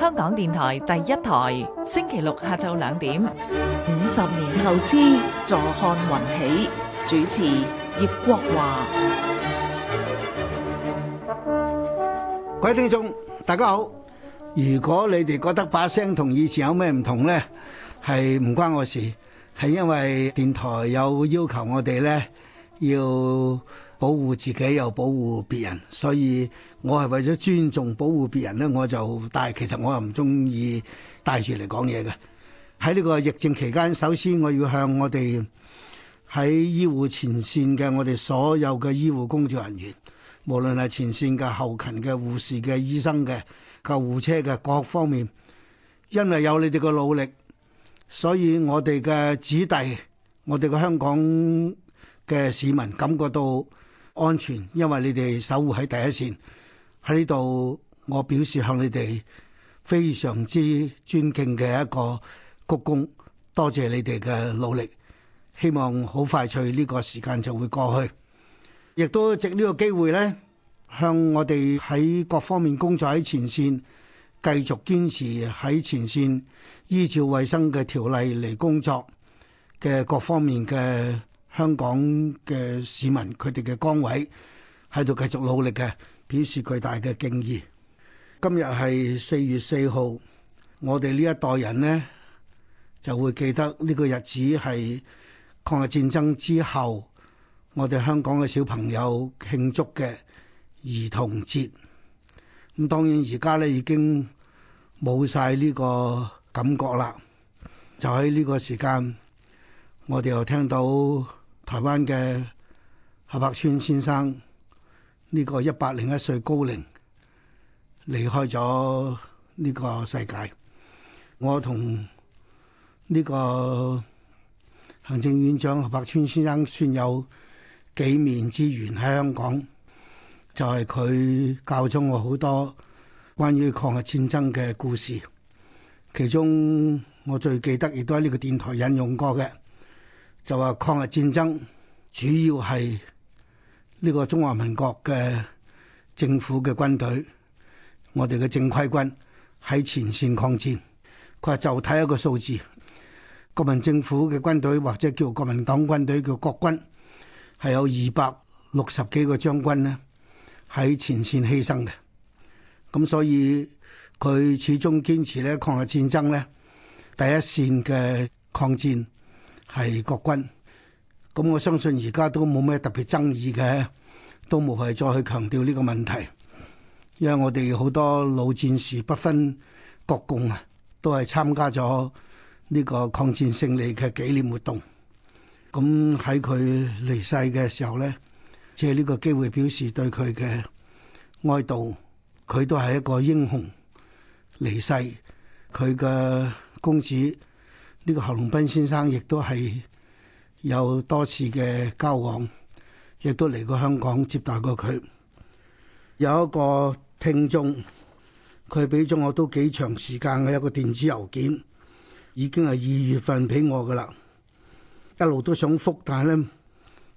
香港電台第一台，星期六下晝兩點。五十年後之坐看雲起，主持葉國華。各位聽眾，大家好。如果你哋覺得把聲同以前有咩唔同呢，係唔關我事，係因為電台有要求我哋呢要。保護自己又保護別人，所以我係為咗尊重保護別人咧，我就但係其實我又唔中意帶住嚟講嘢嘅。喺呢個疫症期間，首先我要向我哋喺醫護前線嘅我哋所有嘅醫護工作人員，無論係前線嘅、後勤嘅護士嘅、醫生嘅、救護車嘅各方面，因為有你哋嘅努力，所以我哋嘅子弟，我哋嘅香港嘅市民感覺到。安全，因為你哋守護喺第一線，喺呢度我表示向你哋非常之尊敬嘅一個鞠躬，多謝你哋嘅努力，希望好快脆呢個時間就會過去。亦都藉呢個機會咧，向我哋喺各方面工作喺前線，繼續堅持喺前線依照衛生嘅條例嚟工作嘅各方面嘅。香港嘅市民，佢哋嘅崗位喺度繼續努力嘅，表示巨大嘅敬意。今日係四月四號，我哋呢一代人咧就會記得呢個日子係抗日戰爭之後，我哋香港嘅小朋友慶祝嘅兒童節。咁當然而家咧已經冇晒呢個感覺啦。就喺呢個時間，我哋又聽到。台灣嘅郝柏村先生呢個一百零一歲高齡離開咗呢個世界，我同呢個行政院長郝柏村先生算有幾面之緣喺香港，就係佢教咗我好多關於抗日戰爭嘅故事，其中我最記得亦都喺呢個電台引用過嘅。就話抗日戰爭主要係呢個中華民國嘅政府嘅軍隊，我哋嘅正規軍喺前線抗戰。佢話就睇一個數字，國民政府嘅軍隊或者叫國民黨軍隊叫國軍，係有二百六十幾個將軍咧喺前線犧牲嘅。咁所以佢始終堅持咧，抗日戰爭咧第一線嘅抗戰。係國軍，咁我相信而家都冇咩特別爭議嘅，都冇係再去強調呢個問題，因為我哋好多老戰士不分國共啊，都係參加咗呢個抗戰勝利嘅紀念活動。咁喺佢離世嘅時候咧，借呢個機會表示對佢嘅哀悼。佢都係一個英雄，離世，佢嘅公子。呢個侯龍斌先生亦都係有多次嘅交往，亦都嚟過香港接待過佢。有一個聽眾，佢俾咗我都幾長時間嘅一個電子郵件，已經係二月份俾我㗎喇，一路都想覆，但係咧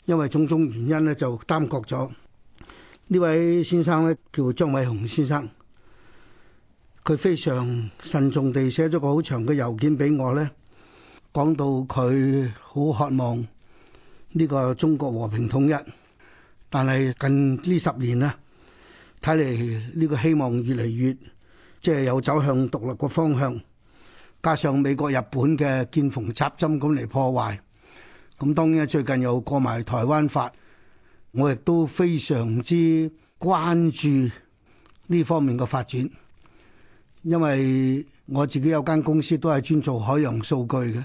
因為種種原因咧就耽擱咗。呢位先生咧叫張偉雄先生，佢非常慎重地寫咗個好長嘅郵件俾我咧。講到佢好渴望呢個中國和平統一，但係近呢十年呢睇嚟，呢個希望越嚟越即係有走向獨立個方向，加上美國、日本嘅見縫插針咁嚟破壞。咁當然最近又過埋台灣法，我亦都非常之關注呢方面嘅發展，因為我自己有間公司都係專做海洋數據嘅。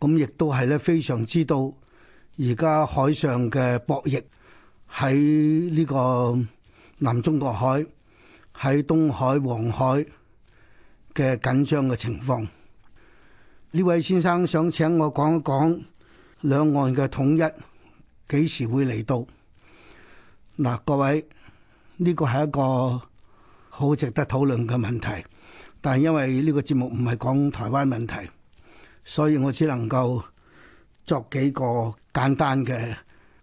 咁亦都係咧，非常知道而家海上嘅博弈喺呢個南中國海、喺東海、黃海嘅緊張嘅情況。呢位先生想請我講一講兩岸嘅統一幾時會嚟到？嗱，各位，呢個係一個好值得討論嘅問題，但係因為呢個節目唔係講台灣問題。所以我只能夠作幾個簡單嘅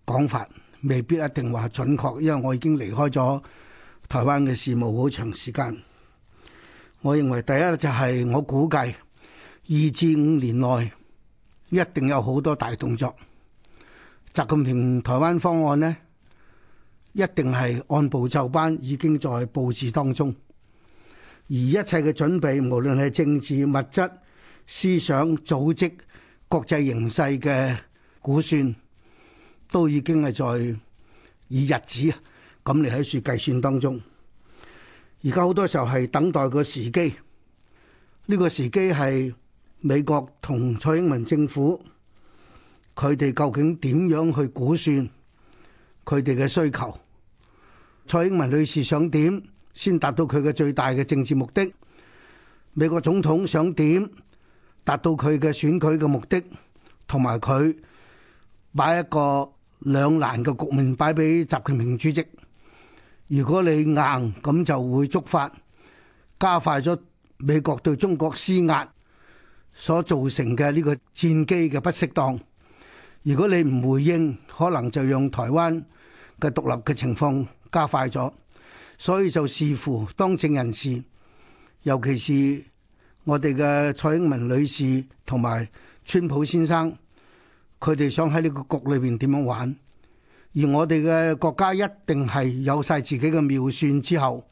講法，未必一定話準確，因為我已經離開咗台灣嘅事務好長時間。我認為第一就係我估計二至五年內一定有好多大動作。習近平台灣方案呢，一定係按部就班，已經在佈置當中，而一切嘅準備，無論係政治、物質。思想、組織、國際形勢嘅估算，都已經係在以日子咁嚟喺度計算當中。而家好多時候係等待個時機，呢個時機係美國同蔡英文政府佢哋究竟點樣去估算佢哋嘅需求？蔡英文女士想點先達到佢嘅最大嘅政治目的？美國總統想點？達到佢嘅選舉嘅目的，同埋佢擺一個兩難嘅局面擺俾習近平主席。如果你硬咁就會觸發，加快咗美國對中國施壓所造成嘅呢個戰機嘅不適當。如果你唔回應，可能就讓台灣嘅獨立嘅情況加快咗。所以就視乎當政人士，尤其是。我哋嘅蔡英文女士同埋川普先生，佢哋想喺呢個局裏邊點樣玩？而我哋嘅國家一定係有晒自己嘅妙算之後，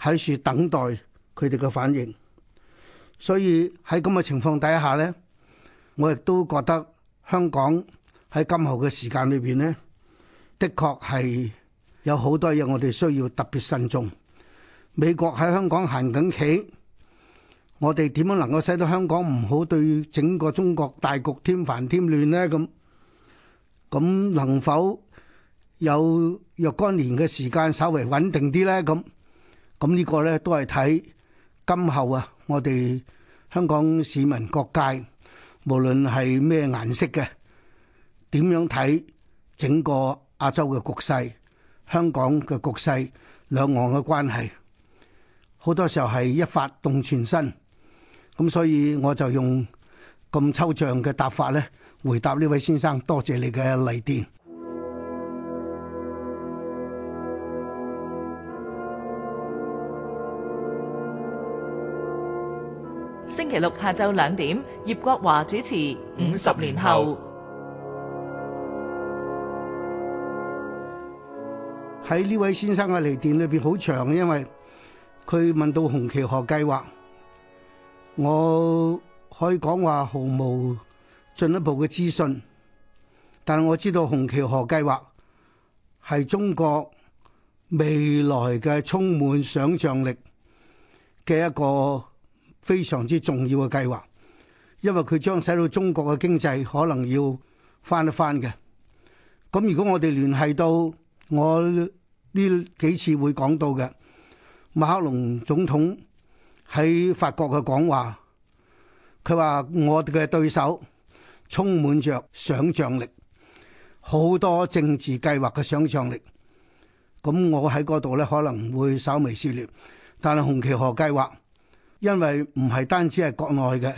喺處等待佢哋嘅反應。所以喺咁嘅情況底下咧，我亦都覺得香港喺今後嘅時間裏邊咧，的確係有好多嘢，我哋需要特別慎重。美國喺香港行緊企。我哋點樣能夠使到香港唔好對整個中國大局添煩添亂呢？咁咁能否有若干年嘅時間稍微穩定啲呢？咁咁呢個呢都係睇今後啊！我哋香港市民各界無論係咩顏色嘅，點樣睇整個亞洲嘅局勢、香港嘅局勢、兩岸嘅關係，好多時候係一髮動全身。咁所以我就用咁抽象嘅答法咧，回答呢位先生。多謝你嘅嚟電。星期六下晝兩點，葉國華主持《五十年後》。喺呢位先生嘅嚟電裏邊好長，因為佢問到紅旗河計劃。我可以講話毫無進一步嘅資訊，但係我知道紅旗河計劃係中國未來嘅充滿想象力嘅一個非常之重要嘅計劃，因為佢將使到中國嘅經濟可能要翻一翻嘅。咁如果我哋聯繫到我呢幾次會講到嘅馬克龍總統，喺法國嘅講話，佢話我哋嘅對手充滿着想像力，好多政治計劃嘅想像力。咁我喺嗰度咧可能會稍微涉獵，但係紅旗河計劃，因為唔係單止係國內嘅，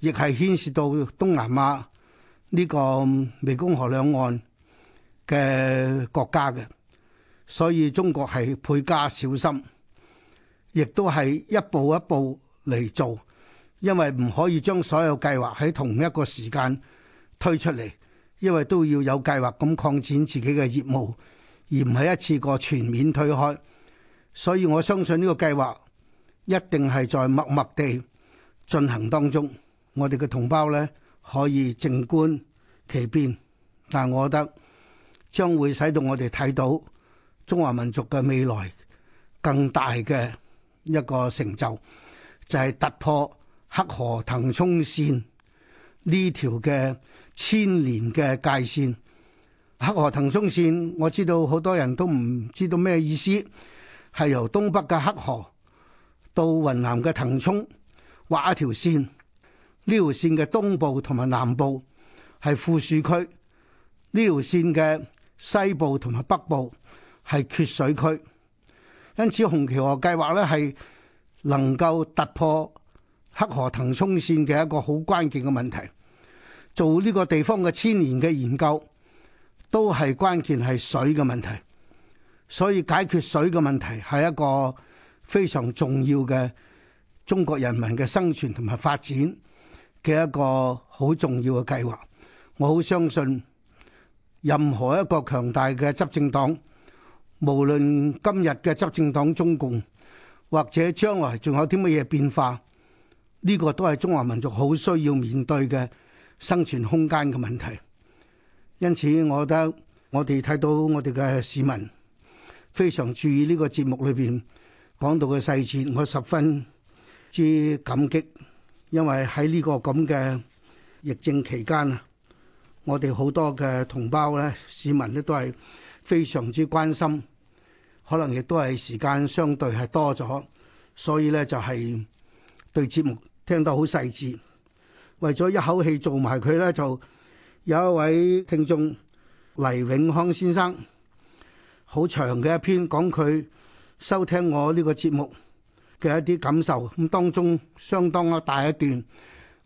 亦係牽涉到東南亞呢個湄公河兩岸嘅國家嘅，所以中國係倍加小心。亦都係一步一步嚟做，因為唔可以將所有計劃喺同一個時間推出嚟，因為都要有計劃咁擴展自己嘅業務，而唔係一次過全面推開。所以我相信呢個計劃一定係在默默地進行當中，我哋嘅同胞呢，可以靜觀其變。但我覺得將會使到我哋睇到中華民族嘅未來更大嘅。一個成就就係、是、突破黑河騰衝線呢條嘅千年嘅界線。黑河騰衝線我知道好多人都唔知道咩意思，係由東北嘅黑河到雲南嘅騰衝畫一條線。呢條線嘅東部同埋南部係富庶區，呢條線嘅西部同埋北部係缺水區。因此，紅旗河計劃咧係能夠突破黑河騰沖線嘅一個好關鍵嘅問題。做呢個地方嘅千年嘅研究，都係關鍵係水嘅問題。所以解決水嘅問題係一個非常重要嘅中國人民嘅生存同埋發展嘅一個好重要嘅計劃。我好相信任何一個強大嘅執政黨。無論今日嘅執政黨中共，或者將來仲有啲乜嘢變化，呢個都係中華民族好需要面對嘅生存空間嘅問題。因此，我覺得我哋睇到我哋嘅市民非常注意呢個節目裏邊講到嘅細節，我十分之感激。因為喺呢個咁嘅疫症期間啊，我哋好多嘅同胞咧、市民咧都係非常之關心。可能亦都係時間相對係多咗，所以咧就係對節目聽得好細緻。為咗一口氣做埋佢咧，就有一位聽眾黎永康先生，好長嘅一篇講佢收聽我呢個節目嘅一啲感受。咁當中相當啊大一段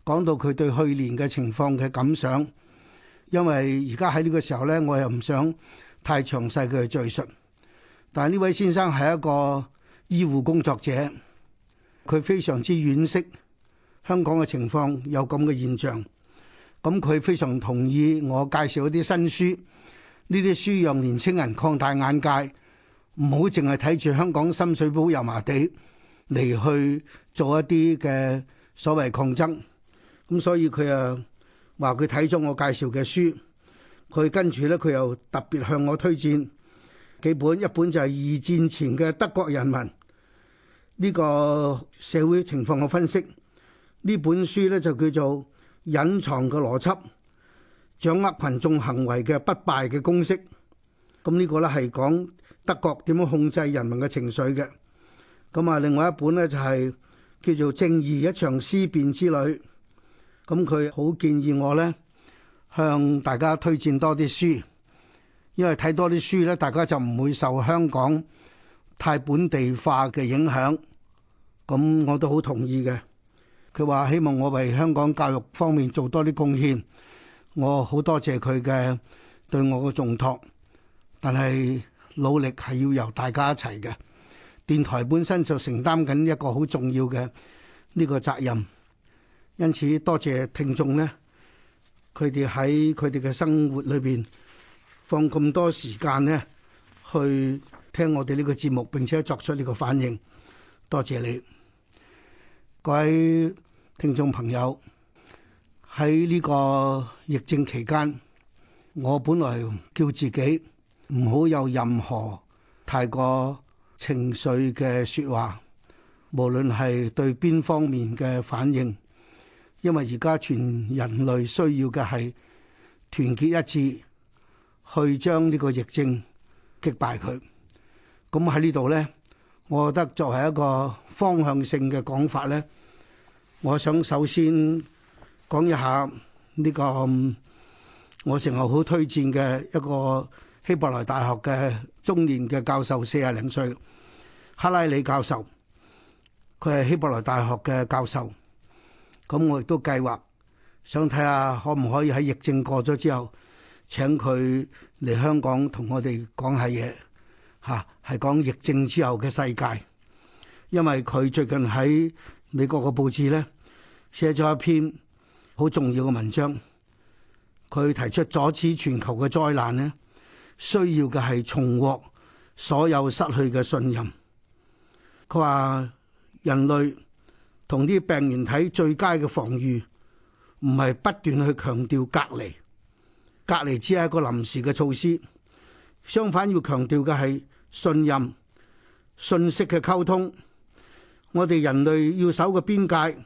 講到佢對去年嘅情況嘅感想。因為而家喺呢個時候咧，我又唔想太詳細嘅敘述。但係呢位先生係一個醫護工作者，佢非常之惋惜香港嘅情況有咁嘅現象。咁佢非常同意我介紹一啲新書，呢啲書讓年青人擴大眼界，唔好淨係睇住香港深水埗油麻地嚟，去做一啲嘅所謂抗爭，咁所以佢啊，話，佢睇咗我介紹嘅書，佢跟住咧，佢又特別向我推薦。幾本，一本就係二戰前嘅德國人民呢個社會情況嘅分析。呢本書呢就叫做《隱藏嘅邏輯》，掌握群眾行為嘅不敗嘅公式。咁呢個呢係講德國點樣控制人民嘅情緒嘅。咁啊，另外一本呢就係叫做《正義：一場思辨之旅》。咁佢好建議我呢向大家推薦多啲書。因為睇多啲書咧，大家就唔會受香港太本地化嘅影響。咁我都好同意嘅。佢話希望我為香港教育方面做多啲貢獻。我好多謝佢嘅對我嘅重託。但係努力係要由大家一齊嘅。電台本身就承擔緊一個好重要嘅呢個責任。因此多謝聽眾呢，佢哋喺佢哋嘅生活裏邊。放咁多時間呢，去聽我哋呢個節目，並且作出呢個反應。多謝你，各位聽眾朋友，喺呢個疫症期間，我本來叫自己唔好有任何太過情緒嘅説話，無論係對邊方面嘅反應，因為而家全人類需要嘅係團結一致。去將呢個疫症擊敗佢，咁喺呢度咧，我覺得作為一個方向性嘅講法咧，我想首先講一下呢個我成日好推薦嘅一個希伯來大學嘅中年嘅教授，四廿零歲，克拉里教授，佢係希伯來大學嘅教授，咁我亦都計劃想睇下可唔可以喺疫症過咗之後。請佢嚟香港同我哋講下嘢，吓係講疫症之後嘅世界。因為佢最近喺美國嘅報紙呢，寫咗一篇好重要嘅文章，佢提出阻止全球嘅災難呢，需要嘅係重獲所有失去嘅信任。佢話人類同啲病原體最佳嘅防禦唔係不斷去強調隔離。隔離只係一個臨時嘅措施，相反要強調嘅係信任、信息嘅溝通。我哋人類要守嘅邊界，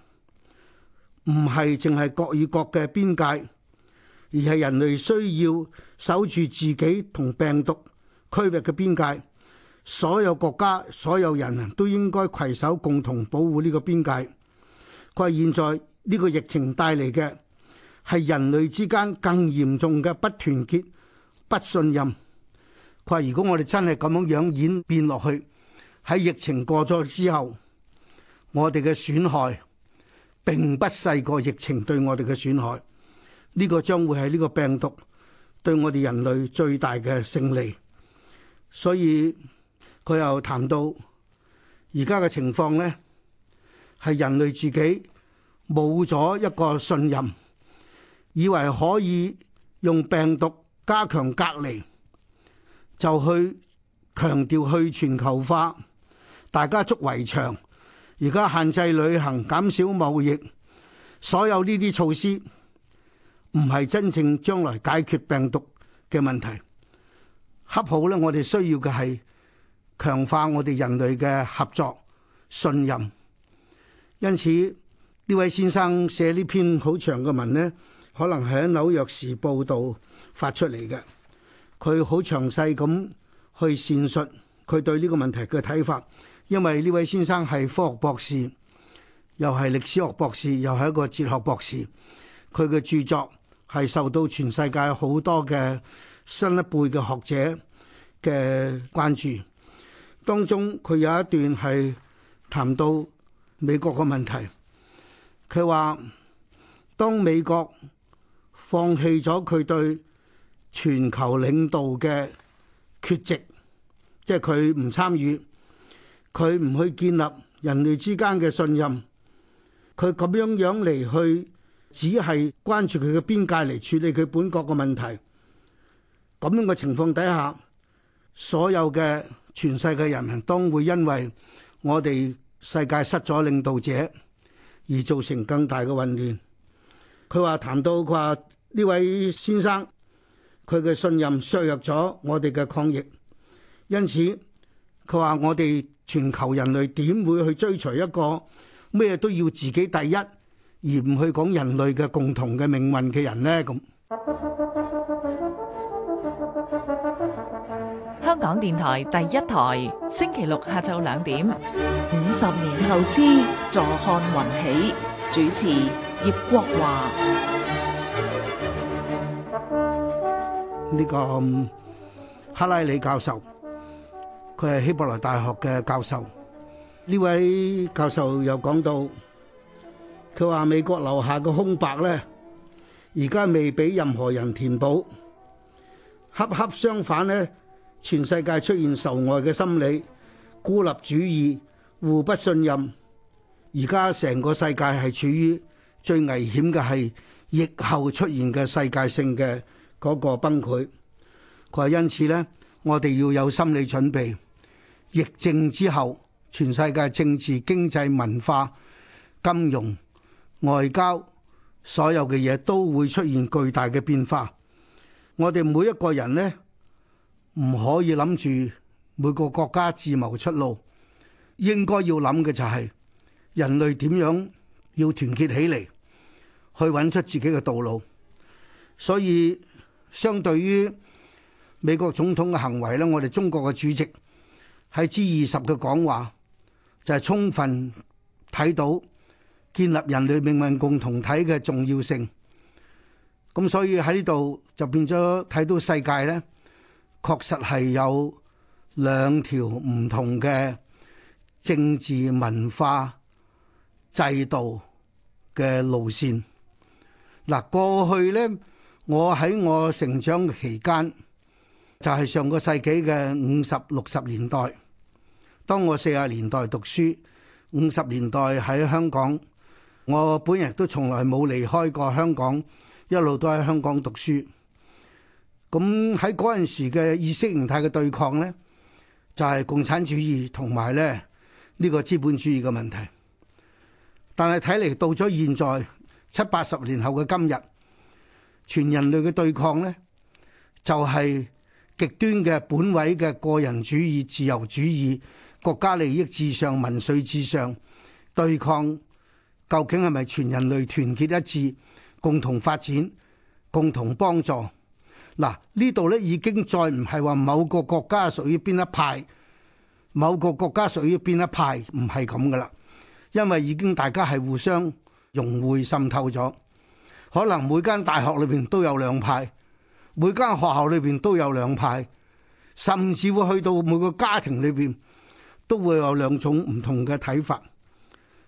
唔係淨係國與國嘅邊界，而係人類需要守住自己同病毒區域嘅邊界。所有國家、所有人都應該携手共同保護呢個邊界。佢係現在呢個疫情帶嚟嘅。係人類之間更嚴重嘅不團結、不信任。佢話：如果我哋真係咁樣樣演變落去，喺疫情過咗之後，我哋嘅損害並不細過疫情對我哋嘅損害。呢個將會係呢個病毒對我哋人類最大嘅勝利。所以佢又談到而家嘅情況呢，係人類自己冇咗一個信任。以為可以用病毒加強隔離，就去強調去全球化，大家築圍牆，而家限制旅行，減少貿易，所有呢啲措施唔係真正將來解決病毒嘅問題。恰好呢，我哋需要嘅係強化我哋人類嘅合作信任。因此呢位先生寫呢篇好長嘅文呢。可能係喺紐約時報度發出嚟嘅，佢好詳細咁去闡述佢對呢個問題嘅睇法。因為呢位先生係科學博士，又係歷史學博士，又係一個哲學博士。佢嘅著作係受到全世界好多嘅新一輩嘅學者嘅關注。當中佢有一段係談到美國嘅問題，佢話當美國。放棄咗佢對全球領導嘅缺席，即係佢唔參與，佢唔去建立人類之間嘅信任，佢咁樣樣嚟去，只係關注佢嘅邊界嚟處理佢本國嘅問題。咁樣嘅情況底下，所有嘅全世界人民都會因為我哋世界失咗領導者而造成更大嘅混亂。佢話談到，佢話。呢位先生，佢嘅信任削弱咗我哋嘅抗疫，因此佢話我哋全球人類點會去追隨一個咩都要自己第一而唔去講人類嘅共同嘅命運嘅人呢？咁香港電台第一台星期六下晝兩點，五十年後之坐看雲起，主持葉國華。呢、這個哈拉里教授，佢係希伯來大學嘅教授。呢位教授又講到，佢話美國留下個空白呢，而家未俾任何人填補。恰恰相反呢，全世界出現仇外嘅心理、孤立主義、互不信任。而家成個世界係處於最危險嘅係疫後出現嘅世界性嘅。嗰個崩潰，佢話因此呢，我哋要有心理準備。疫症之後，全世界政治、經濟、文化、金融、外交，所有嘅嘢都會出現巨大嘅變化。我哋每一個人呢，唔可以諗住每個國家自謀出路，應該要諗嘅就係人類點樣要團結起嚟，去揾出自己嘅道路。所以。相對於美國總統嘅行為咧，我哋中國嘅主席喺 G 二十嘅講話就係充分睇到建立人類命運共同體嘅重要性。咁所以喺呢度就變咗睇到世界咧，確實係有兩條唔同嘅政治文化制度嘅路線。嗱，過去咧。我喺我成長期間，就係上個世紀嘅五十六十年代。當我四十年代讀書，五十年代喺香港，我本人都從來冇離開過香港，一路都喺香港讀書。咁喺嗰陣時嘅意識形態嘅對抗呢，就係共產主義同埋咧呢個資本主義嘅問題。但係睇嚟到咗現在七八十年後嘅今日。全人類嘅對抗呢，就係極端嘅本位嘅個人主義、自由主義、國家利益至上、民粹至上，對抗究竟係咪全人類團結一致、共同發展、共同幫助？嗱，呢度呢已經再唔係話某個國家屬於邊一派，某個國家屬於邊一派，唔係咁噶啦，因為已經大家係互相融匯滲透咗。可能每間大學裏邊都有兩派，每間學校裏邊都有兩派，甚至會去到每個家庭裏邊，都會有兩種唔同嘅睇法。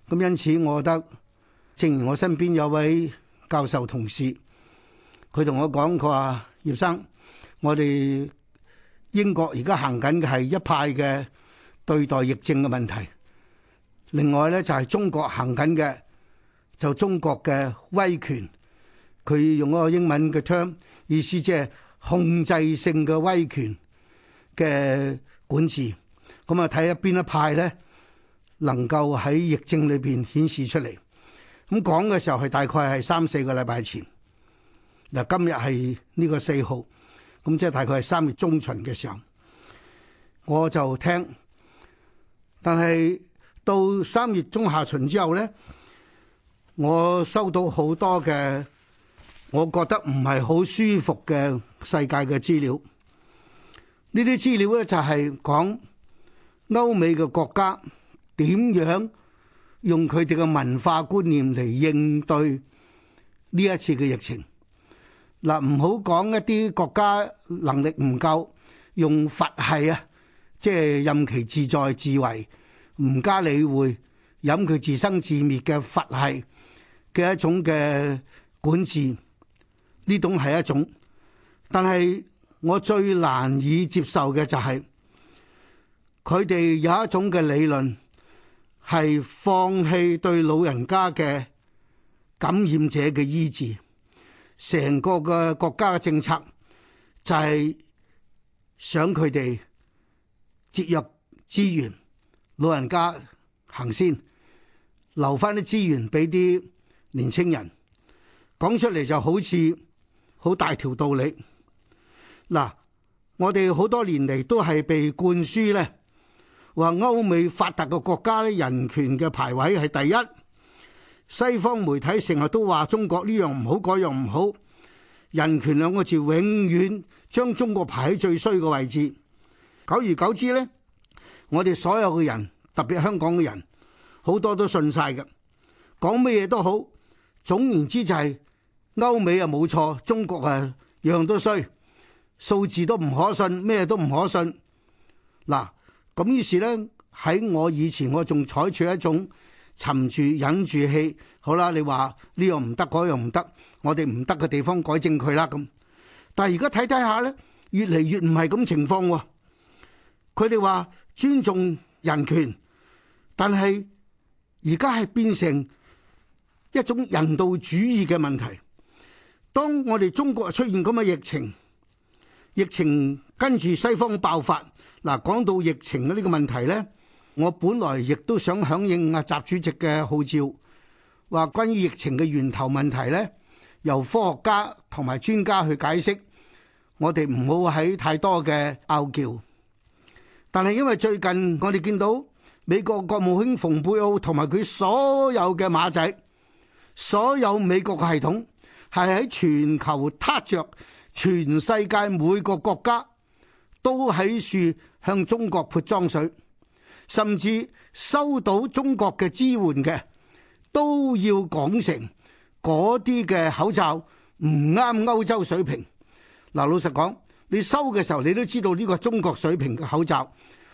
咁因此，我覺得，正如我身邊有位教授同事，佢同我講，佢話葉生，我哋英國而家行緊嘅係一派嘅對待疫症嘅問題，另外咧就係中國行緊嘅就中國嘅威權。佢用嗰個英文嘅 term，意思即係控制性嘅威權嘅管治。咁啊，睇下邊一派咧能夠喺疫症裏邊顯示出嚟。咁講嘅時候係大概係三四個禮拜前。嗱，今日係呢個四號，咁即係大概係三月中旬嘅時候，我就聽。但係到三月中下旬之後咧，我收到好多嘅。我覺得唔係好舒服嘅世界嘅資料，呢啲資料咧就係講歐美嘅國家點樣用佢哋嘅文化觀念嚟應對呢一次嘅疫情。嗱，唔好講一啲國家能力唔夠，用佛系啊，即係任其自在自為，唔加理會，任佢自生自滅嘅佛系嘅一種嘅管治。呢種係一種，但係我最難以接受嘅就係佢哋有一種嘅理論，係放棄對老人家嘅感染者嘅醫治，成個嘅國家嘅政策就係想佢哋節約資源，老人家行先，留翻啲資源俾啲年青人，講出嚟，就好似。好大條道理，嗱，我哋好多年嚟都係被灌輸呢，話歐美發達嘅國家呢，人權嘅排位係第一，西方媒體成日都話中國呢樣唔好，嗰樣唔好，人權兩個字永遠將中國排喺最衰嘅位置，久而久之呢，我哋所有嘅人，特別香港嘅人，好多都信晒㗎，講咩嘢都好，總言之就係、是。歐美又冇錯，中國係樣樣都衰，數字都唔可信，咩都唔可信。嗱，咁於是呢，喺我以前我仲採取一種沉住忍住氣。好啦，你話呢樣唔得，嗰樣唔得，我哋唔得嘅地方改正佢啦咁。但係而家睇睇下呢，越嚟越唔係咁情況。佢哋話尊重人權，但係而家係變成一種人道主義嘅問題。當我哋中國出現咁嘅疫情，疫情跟住西方爆發，嗱講到疫情呢個問題呢，我本來亦都想響應啊習主席嘅號召，話關於疫情嘅源頭問題呢，由科學家同埋專家去解釋，我哋唔好喺太多嘅拗撬。但係因為最近我哋見到美國國務卿蓬佩奧同埋佢所有嘅馬仔，所有美國嘅系統。係喺全球塌着，全世界每個國家都喺樹向中國潑髒水，甚至收到中國嘅支援嘅，都要講成嗰啲嘅口罩唔啱歐洲水平。嗱，老實講，你收嘅時候你都知道呢個中國水平嘅口罩，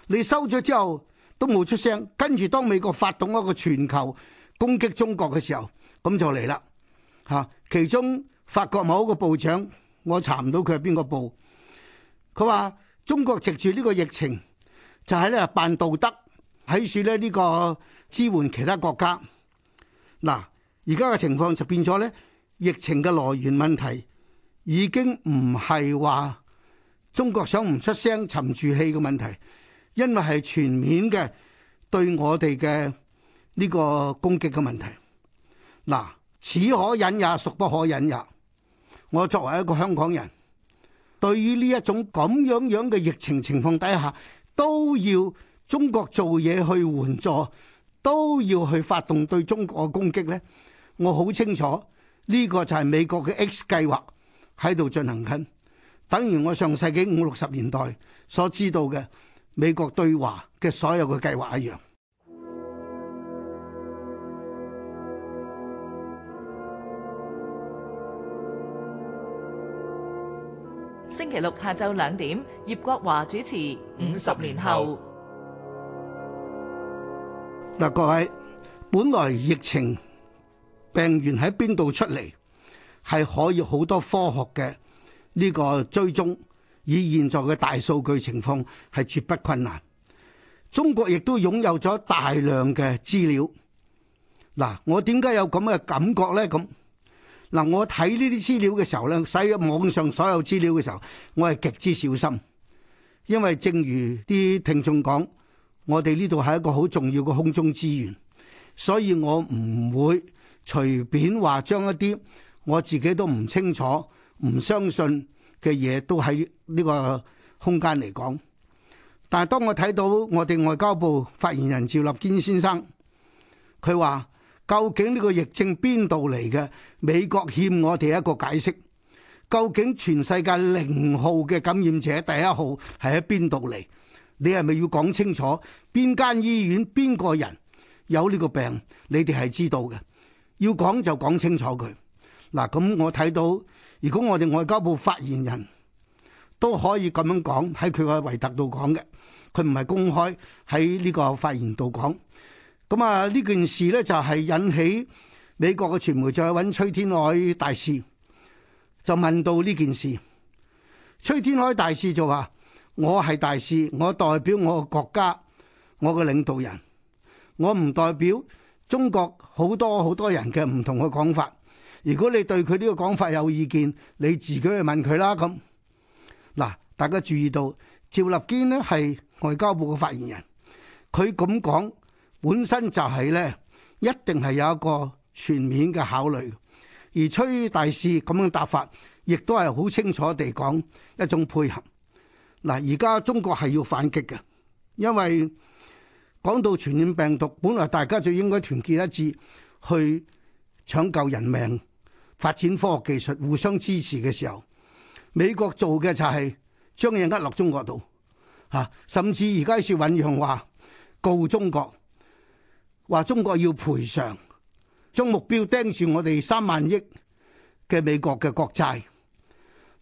你收咗之後都冇出聲。跟住當美國發動一個全球攻擊中國嘅時候，咁就嚟啦。嚇！其中法國某個部長，我查唔到佢係邊個部。佢話中國藉住呢個疫情，就係咧扮道德，喺處咧呢個支援其他國家。嗱，而家嘅情況就變咗咧，疫情嘅來源問題已經唔係話中國想唔出聲沉住氣嘅問題，因為係全面嘅對我哋嘅呢個攻擊嘅問題。嗱。此可忍也，孰不可忍也！我作為一個香港人，對於呢一種咁樣樣嘅疫情情況底下，都要中國做嘢去援助，都要去發動對中國嘅攻擊呢，我好清楚呢個就係美國嘅 X 計劃喺度進行緊，等於我上世紀五六十年代所知道嘅美國對華嘅所有嘅計劃一樣。星期六下晝兩點，葉國華主持《五十年後》。嗱，各位，本來疫情病源喺邊度出嚟，係可以好多科學嘅呢個追蹤，以現在嘅大數據情況係絕不困難。中國亦都擁有咗大量嘅資料。嗱，我點解有咁嘅感覺呢？咁？嗱，我睇呢啲資料嘅時候咧，使咗網上所有資料嘅時候，我係極之小心，因為正如啲聽眾講，我哋呢度係一個好重要嘅空中資源，所以我唔會隨便話將一啲我自己都唔清楚、唔相信嘅嘢都喺呢個空間嚟講。但係當我睇到我哋外交部發言人趙立堅先生，佢話：究竟呢個疫症邊度嚟嘅？美國欠我哋一個解釋。究竟全世界零號嘅感染者第一號係喺邊度嚟？你係咪要講清楚，邊間醫院邊個人有呢個病？你哋係知道嘅。要講就講清楚佢。嗱，咁我睇到，如果我哋外交部發言人都可以咁樣講，喺佢個維特度講嘅，佢唔係公開喺呢個發言度講。咁啊！呢件事呢就係引起美國嘅傳媒再揾崔天凱大使，就問到呢件事。崔天凱大使就話：我係大使，我代表我嘅國家，我嘅領導人，我唔代表中國好多好多人嘅唔同嘅講法。如果你對佢呢個講法有意見，你自己去問佢啦。咁嗱，大家注意到趙立堅呢係外交部嘅發言人，佢咁講。本身就係咧，一定係有一個全面嘅考慮，而崔大使咁樣答法，亦都係好清楚地講一種配合。嗱，而家中國係要反擊嘅，因為講到傳染病毒，本來大家就應該團結一致去搶救人命、發展科學技術互相支持嘅時候，美國做嘅就係將人甩落中國度嚇，甚至而家喺度醖釀話告中國。話中國要賠償，將目標盯住我哋三萬億嘅美國嘅國債。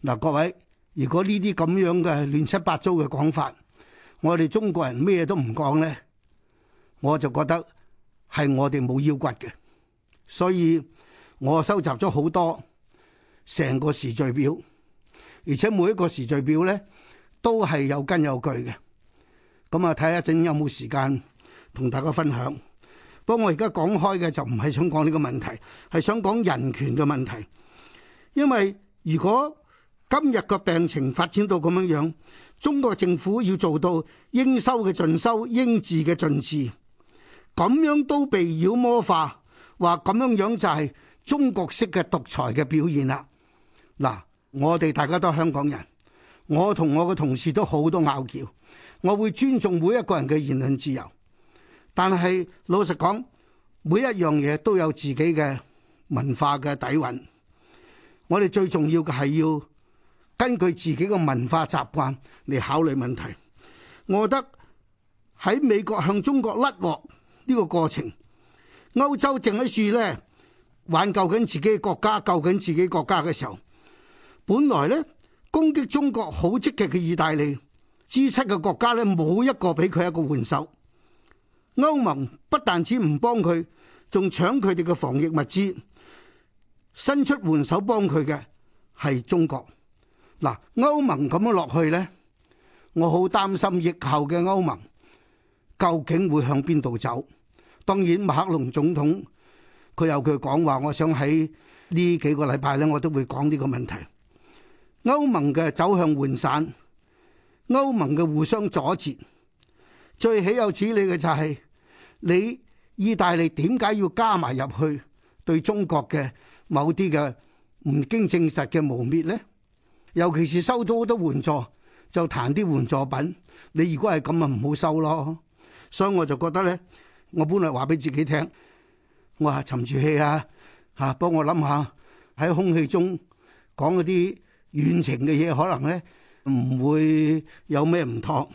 嗱，各位，如果呢啲咁樣嘅亂七八糟嘅講法，我哋中國人咩都唔講呢？我就覺得係我哋冇腰骨嘅。所以，我收集咗好多成個時序表，而且每一個時序表呢都係有根有據嘅。咁啊，睇下一陣有冇時間同大家分享。不過我而家講開嘅就唔係想講呢個問題，係想講人權嘅問題。因為如果今日個病情發展到咁樣樣，中國政府要做到應收嘅盡收，應治嘅盡治，咁樣都被妖魔化，話咁樣樣就係中國式嘅獨裁嘅表現啦。嗱，我哋大家都係香港人，我同我嘅同事都好多拗撬，我會尊重每一個人嘅言論自由。但係老實講，每一樣嘢都有自己嘅文化嘅底蘊。我哋最重要嘅係要根據自己嘅文化習慣嚟考慮問題。我覺得喺美國向中國甩鑊呢個過程，歐洲正喺度呢，挽救緊自己國家、救緊自己國家嘅時候，本來呢攻擊中國好積極嘅意大利，G7 嘅國家呢，冇一個俾佢一個援手。歐盟不但止唔幫佢，仲搶佢哋嘅防疫物資，伸出援手幫佢嘅係中國。嗱，歐盟咁樣落去呢，我好擔心疫後嘅歐盟究竟會向邊度走？當然，馬克龍總統佢有句講話，我想喺呢幾個禮拜呢，我都會講呢個問題。歐盟嘅走向渙散，歐盟嘅互相阻截，最豈有此理嘅就係、是。你意大利，點解要加埋入去對中國嘅某啲嘅唔經證實嘅污衊咧？尤其是收到好多援助，就彈啲援助品。你如果係咁啊，唔好收咯。所以我就覺得咧，我本來話俾自己聽，我話沉住氣啊，吓幫我諗下喺空氣中講嗰啲遠程嘅嘢，可能咧唔會有咩唔妥。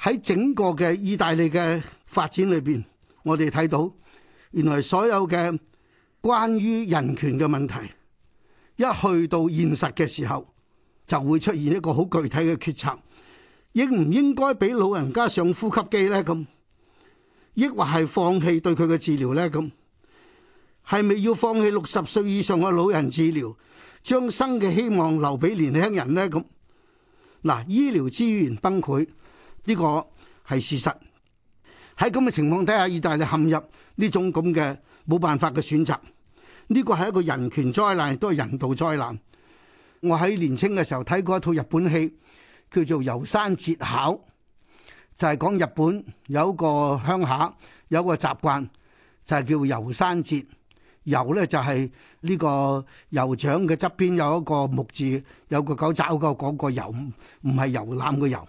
喺整個嘅意大利嘅發展裏邊，我哋睇到原來所有嘅關於人權嘅問題，一去到現實嘅時候，就會出現一個好具體嘅決策：應唔應該俾老人家上呼吸機呢？咁，抑或係放棄對佢嘅治療呢？咁係咪要放棄六十歲以上嘅老人治療，將新嘅希望留俾年輕人呢？咁嗱，醫療資源崩潰，呢個係事實。喺咁嘅情況底下，意大利陷入呢種咁嘅冇辦法嘅選擇，呢個係一個人權災難，亦都係人道災難。我喺年青嘅時候睇過一套日本戲，叫做《遊山節考》，就係講日本有個鄉下有個習慣，就係叫遊山節。遊呢，就係呢個酋長嘅側邊有一個木字，有個狗爪夠嗰個遊，唔唔係遊覽嘅遊。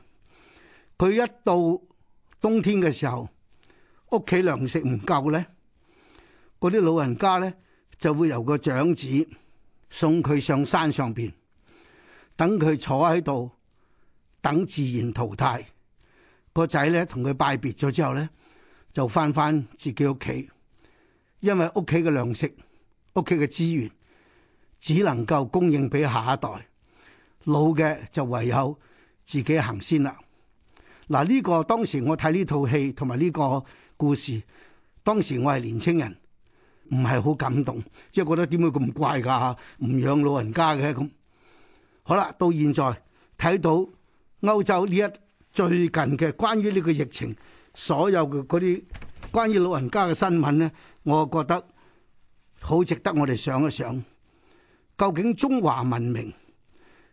佢一到冬天嘅時候，屋企糧食唔夠咧，嗰啲老人家咧就會由個長子送佢上山上邊，等佢坐喺度，等自然淘汰。個仔咧同佢拜別咗之後咧，就翻翻自己屋企，因為屋企嘅糧食、屋企嘅資源只能夠供應俾下一代，老嘅就唯有自己行先啦。嗱，呢個當時我睇呢套戲同埋呢個。故事，當時我係年青人，唔係好感動，即係覺得點會咁怪㗎吓，唔養老人家嘅咁。好啦，到現在睇到歐洲呢一最近嘅關於呢個疫情，所有嘅嗰啲關於老人家嘅新聞呢，我覺得好值得我哋想一想，究竟中華文明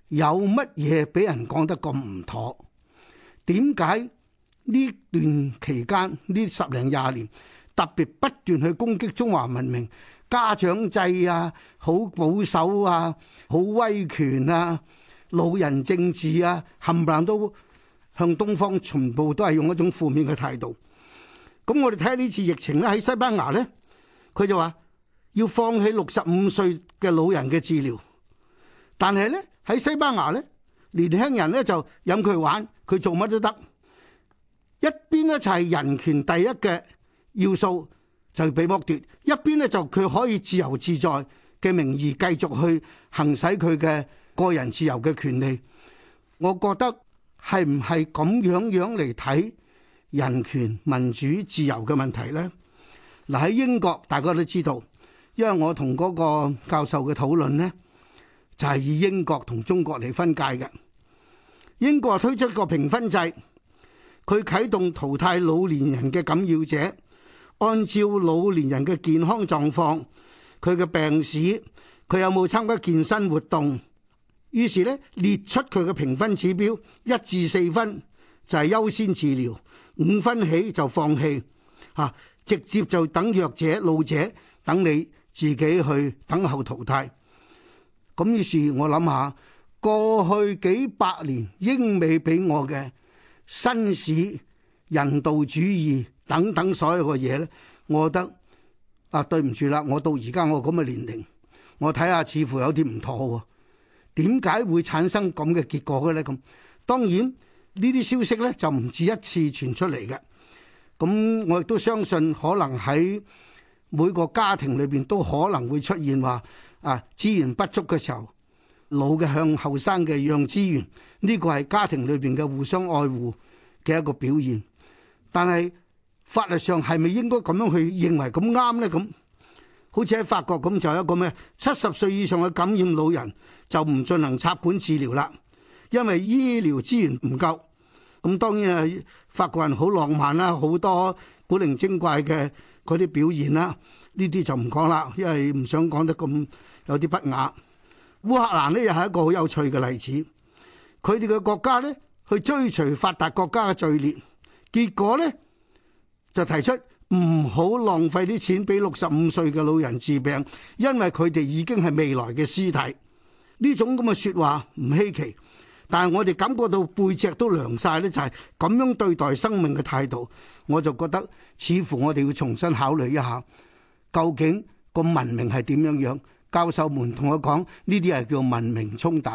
有乜嘢俾人講得咁唔妥？點解？呢段期間，呢十零廿年，特別不斷去攻擊中華文明，家長制啊，好保守啊，好威權啊，老人政治啊，冚唪唥都向東方，全部都係用一種負面嘅態度。咁我哋睇下呢次疫情咧，喺西班牙呢，佢就話要放棄六十五歲嘅老人嘅治療，但係呢，喺西班牙呢，年輕人呢就任佢玩，佢做乜都得。一邊呢就係人權第一嘅要素，就被佢啟動淘汰老年人嘅感染者，按照老年人嘅健康狀況，佢嘅病史，佢有冇參加健身活動，於是咧列出佢嘅評分指標，一至四分就係、是、優先治療，五分起就放棄，嚇直接就等弱者老者等你自己去等候淘汰。咁於是我，我諗下過去幾百年英美俾我嘅。新市人道主義等等所有嘅嘢呢，我覺得啊，對唔住啦，我到而家我咁嘅年齡，我睇下似乎有啲唔妥喎、啊。點解會產生咁嘅結果嘅呢？咁當然呢啲消息呢，就唔止一次傳出嚟嘅。咁我亦都相信，可能喺每個家庭裏邊都可能會出現話啊資源不足嘅時候。老嘅向後生嘅讓資源，呢、這個係家庭裏邊嘅互相愛護嘅一個表現。但係法律上係咪應該咁樣去認為咁啱呢？咁好似喺法國咁就有一個咩七十歲以上嘅感染老人就唔進行插管治療啦，因為醫療資源唔夠。咁、嗯、當然啊，法國人好浪漫啦，好多古靈精怪嘅嗰啲表現啦，呢啲就唔講啦，因為唔想講得咁有啲不雅。烏克蘭呢，又係一個好有趣嘅例子，佢哋嘅國家呢，去追隨發達國家嘅序列，結果呢，就提出唔好浪費啲錢俾六十五歲嘅老人治病，因為佢哋已經係未來嘅屍體。呢種咁嘅說話唔稀奇，但係我哋感覺到背脊都涼晒。呢就係咁樣對待生命嘅態度，我就覺得似乎我哋要重新考慮一下，究竟個文明係點樣樣。教授們同我講，呢啲係叫文明衝突。